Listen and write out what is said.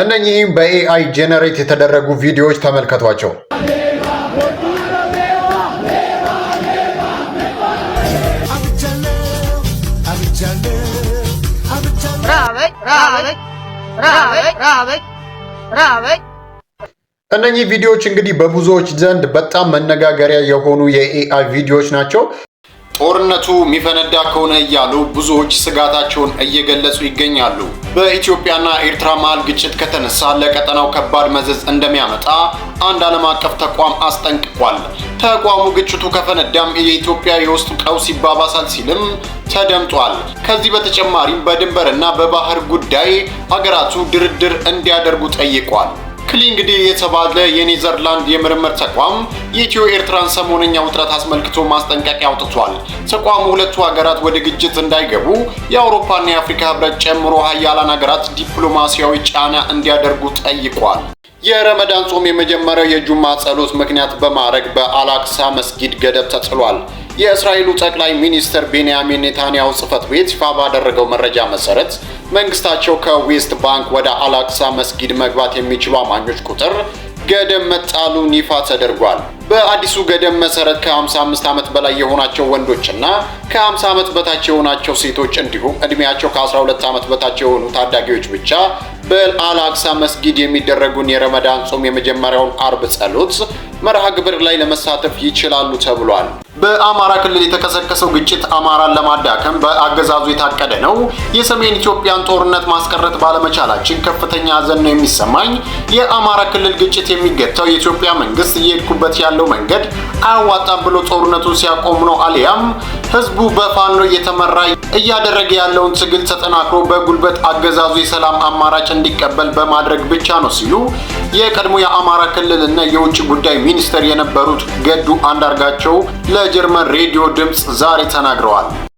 እነኚህም በኤአይ ጄኔሬት የተደረጉ ቪዲዮዎች ተመልከቷቸው። እነኚህ ቪዲዮዎች እንግዲህ በብዙዎች ዘንድ በጣም መነጋገሪያ የሆኑ የኤአይ ቪዲዮዎች ናቸው። ጦርነቱ የሚፈነዳ ከሆነ እያሉ ብዙዎች ስጋታቸውን እየገለጹ ይገኛሉ። በኢትዮጵያና ኤርትራ መሀል ግጭት ከተነሳ ለቀጠናው ከባድ መዘዝ እንደሚያመጣ አንድ ዓለም አቀፍ ተቋም አስጠንቅቋል። ተቋሙ ግጭቱ ከፈነዳም የኢትዮጵያ የውስጥ ቀውስ ይባባሳል ሲልም ተደምጧል። ከዚህ በተጨማሪም በድንበርና በባህር ጉዳይ ሀገራቱ ድርድር እንዲያደርጉ ጠይቋል። ክሊንግዲ የተባለ የኔዘርላንድ የምርምር ተቋም የኢትዮ ኤርትራን ሰሞነኛ ውጥረት አስመልክቶ ማስጠንቀቂያ አውጥቷል። ተቋሙ ሁለቱ ሀገራት ወደ ግጭት እንዳይገቡ የአውሮፓና የአፍሪካ ህብረት ጨምሮ ሀያላን ሀገራት ዲፕሎማሲያዊ ጫና እንዲያደርጉ ጠይቋል። የረመዳን ጾም የመጀመሪያው የጁማ ጸሎት ምክንያት በማድረግ በአላክሳ መስጊድ ገደብ ተጥሏል። የእስራኤሉ ጠቅላይ ሚኒስትር ቤንያሚን ኔታንያሁ ጽህፈት ቤት ይፋ ባደረገው መረጃ መሰረት መንግስታቸው ከዌስት ባንክ ወደ አላቅሳ መስጊድ መግባት የሚችሉ አማኞች ቁጥር ገደብ መጣሉን ይፋ ተደርጓል። በአዲሱ ገደብ መሰረት ከ55 ዓመት በላይ የሆናቸው ወንዶችና ከ50 ዓመት በታች የሆናቸው ሴቶች እንዲሁም እድሜያቸው ከ12 ዓመት በታች የሆኑ ታዳጊዎች ብቻ በአልአቅሳ መስጊድ የሚደረጉን የረመዳን ጾም የመጀመሪያውን አርብ ጸሎት መርሃ ግብር ላይ ለመሳተፍ ይችላሉ ተብሏል። በአማራ ክልል የተቀሰቀሰው ግጭት አማራን ለማዳከም በአገዛዙ የታቀደ ነው። የሰሜን ኢትዮጵያን ጦርነት ማስቀረት ባለመቻላችን ከፍተኛ ሐዘን ነው የሚሰማኝ። የአማራ ክልል ግጭት የሚገታው የኢትዮጵያ መንግስት እየሄድኩበት ያለው መንገድ አያዋጣም ብሎ ጦርነቱን ሲያቆም ነው አሊያም ህዝቡ በፋኖ እየተመራ እያደረገ ያለውን ትግል ተጠናክሮ በጉልበት አገዛዙ የሰላም አማራጭ እንዲቀበል በማድረግ ብቻ ነው ሲሉ የቀድሞ የአማራ ክልል እና የውጭ ጉዳይ ሚኒስትር የነበሩት ገዱ አንዳርጋቸው ለጀርመን ሬዲዮ ድምፅ ዛሬ ተናግረዋል።